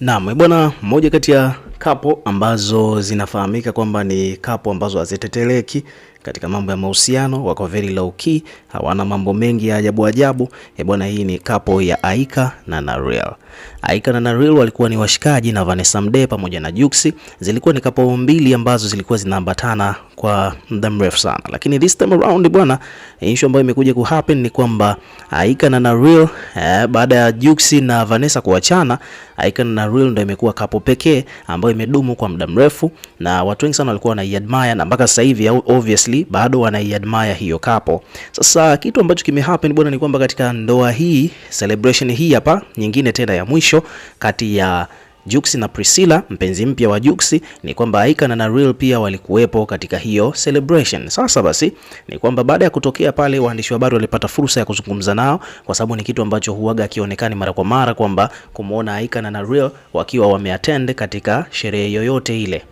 Naam, eh, bwana, moja kati ya kapo ambazo zinafahamika kwamba ni kapo ambazo haziteteleki katika mambo ya mahusiano, wako very low key, hawana mambo mengi ya ajabu ajabu. E bwana, hii ni kapo ya Aika na Nareal. Aika na Nareal walikuwa ni washikaji na Vanessa Mdee pamoja na Juksi. Zilikuwa ni kapo mbili ambazo zilikuwa zinaambatana kwa muda mrefu sana, lakini this time around bwana, issue ambayo imekuja ku happen ni kwamba Aika na Nareal eh, baada ya Juksi na Vanessa kuachana, Aika na Nareal ndio imekuwa kapo pekee ambayo imedumu kwa muda mrefu na watu wengi sana walikuwa wanaiadmire na mpaka sasa hivi obviously kweli bado wanaiadmire hiyo kapo. Sasa kitu ambacho kimehappen bwana ni kwamba katika ndoa hii celebration hii hapa nyingine tena ya mwisho kati ya Jux na Priscilla mpenzi mpya wa Jux ni kwamba Aika na Narill pia walikuwepo katika hiyo celebration. Sasa basi ni kwamba baada ya kutokea pale, waandishi wa habari walipata fursa ya kuzungumza nao, kwa sababu ni kitu ambacho huaga akionekani mara kwa mara kwamba kumwona Aika na Narill wakiwa wameattend katika sherehe yoyote ile.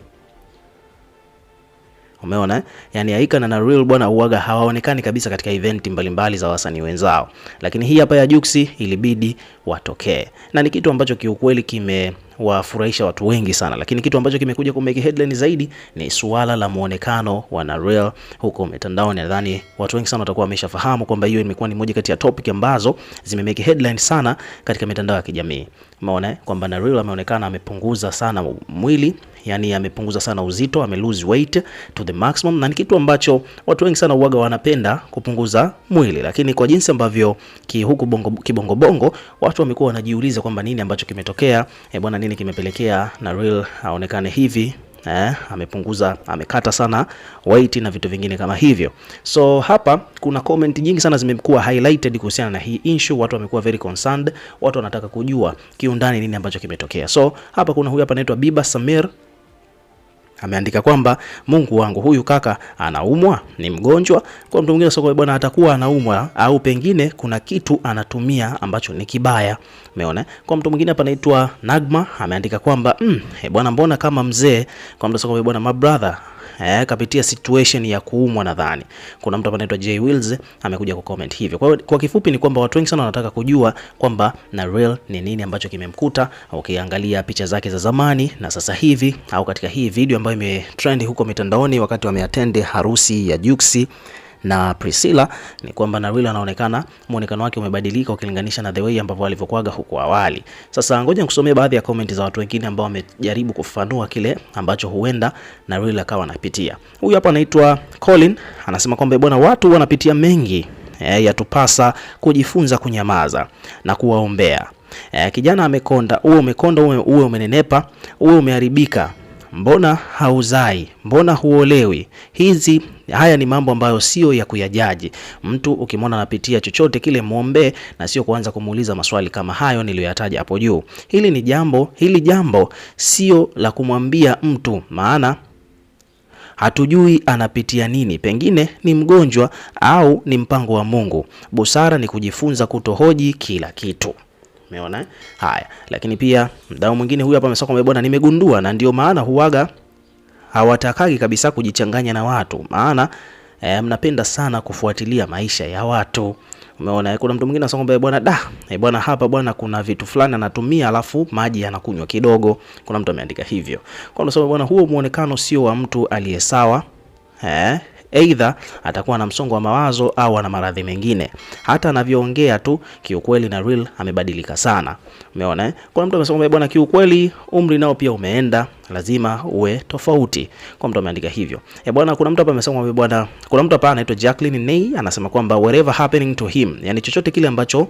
Umeona, yani Aika na Real bwana uaga hawaonekani kabisa katika event mbalimbali za wasanii wenzao, lakini hii hapa ya Jux ilibidi watokee na ni kitu ambacho kiukweli kime wafurahisha watu wengi sana, lakini kitu ambacho kimekuja kumeki headline zaidi ni suala la muonekano wa Real huko mitandaoni. Nadhani watu wengi sana watakuwa wameshafahamu kwamba hiyo imekuwa ni moja kati ya topic ambazo zimemeki headline sana katika mitandao ya kijamii. Umeona eh? kwamba Real ameonekana amepunguza sana mwili yani amepunguza sana uzito, ame lose weight to the maximum, na ni kitu ambacho watu wengi sana uwaga wanapenda kupunguza mwili, lakini kwa jinsi ambavyo ki huku bongo, kibongo bongo watu wamekuwa wanajiuliza kwamba nini ambacho kimetokea e, eh, bwana nini kimepelekea na real aonekane hivi Eh, amepunguza amekata sana weight na vitu vingine kama hivyo. So hapa kuna comment nyingi sana zimekuwa highlighted kuhusiana na hii issue, watu wamekuwa very concerned, watu wanataka kujua kiundani nini ambacho kimetokea. So hapa kuna huyu hapa anaitwa Biba Samir Ameandika kwamba Mungu wangu, huyu kaka anaumwa, ni mgonjwa. Kwa mtu mwingine soko bwana, atakuwa anaumwa au pengine kuna kitu anatumia ambacho ni kibaya, umeona. Kwa mtu mwingine hapa anaitwa Nagma ameandika kwamba mm, eh, bwana, mbona kama mzee. Kwa mtu soko bwana, my brother eh, kapitia situation ya kuumwa nadhani. Kuna mtu anaitwa Jay Wills amekuja ku comment hivyo. Kwa, kwa kifupi ni kwamba watu wengi sana wanataka kujua kwamba Nareel ni nini ambacho kimemkuta, ukiangalia picha zake za zamani na sasa hivi, au katika hii video ambayo imetrend huko mitandaoni wakati wameattend harusi ya Juksi na Priscilla ni kwamba Nawila anaonekana muonekano wake umebadilika ukilinganisha na the way ambavyo alivyokuwaga huko awali. Sasa ngoja nikusomee baadhi ya comment za watu wengine ambao wamejaribu kufafanua kile ambacho huenda Nawila akawa anapitia. Huyu hapa anaitwa Colin anasema kwamba bwana, watu wanapitia mengi e, yatupasa kujifunza kunyamaza na kuwaombea. E, kijana amekonda, uwe umekonda, uwe umenenepa, uwe umeharibika mbona hauzai, mbona huolewi? Hizi haya ni mambo ambayo sio ya kuyajaji. Mtu ukimwona anapitia chochote kile, mwombee na sio kuanza kumuuliza maswali kama hayo niliyoyataja hapo juu. Hili ni jambo, hili jambo sio la kumwambia mtu, maana hatujui anapitia nini. Pengine ni mgonjwa au ni mpango wa Mungu. Busara ni kujifunza kutohoji kila kitu umeona eh? Haya, lakini pia mdau mwingine huyu hapa amesema kwamba bwana, nimegundua na ndio maana huwaga hawatakagi kabisa kujichanganya na watu, maana eh, mnapenda sana kufuatilia maisha ya watu. Umeona, eh, kuna mtu mwingine anasema kwamba bwana da eh, bwana, hapa bwana, kuna vitu fulani anatumia alafu maji anakunywa kidogo. Kuna mtu ameandika hivyo, kwa anasema bwana, huo muonekano sio wa mtu aliyesawa eh Aidha atakuwa na msongo wa mawazo au ana maradhi mengine. Hata anavyoongea tu kiukweli na real amebadilika sana. Umeona eh? Kuna mtu amesema bwana, kiukweli umri nao pia umeenda lazima uwe tofauti. Kwa mtu ameandika hivyo. E bwana kuna mtu hapa amesema bwana kuna mtu hapa anaitwa Jacqueline Ney anasema kwamba whatever happening to him, yani chochote kile ambacho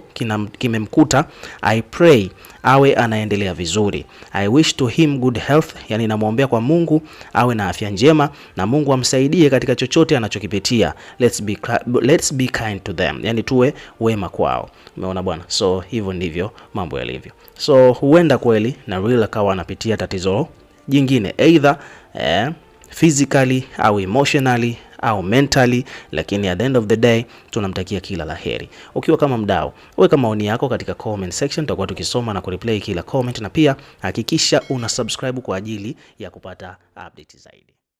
kimemkuta I pray awe anaendelea vizuri. I wish to him good health, yani namwombea kwa Mungu awe na afya njema na Mungu amsaidie katika chochote anachokipitia. Let's be, let's be kind to them, yani tuwe wema kwao. Umeona bwana, so hivyo ndivyo mambo yalivyo. So huenda kweli na real akawa anapitia tatizo jingine either eh, physically au emotionally au mentally, lakini at the end of the day tunamtakia kila la heri. Ukiwa kama mdau, weka maoni yako katika comment section, tutakuwa tukisoma na kureplay kila comment, na pia hakikisha una subscribe kwa ajili ya kupata update zaidi.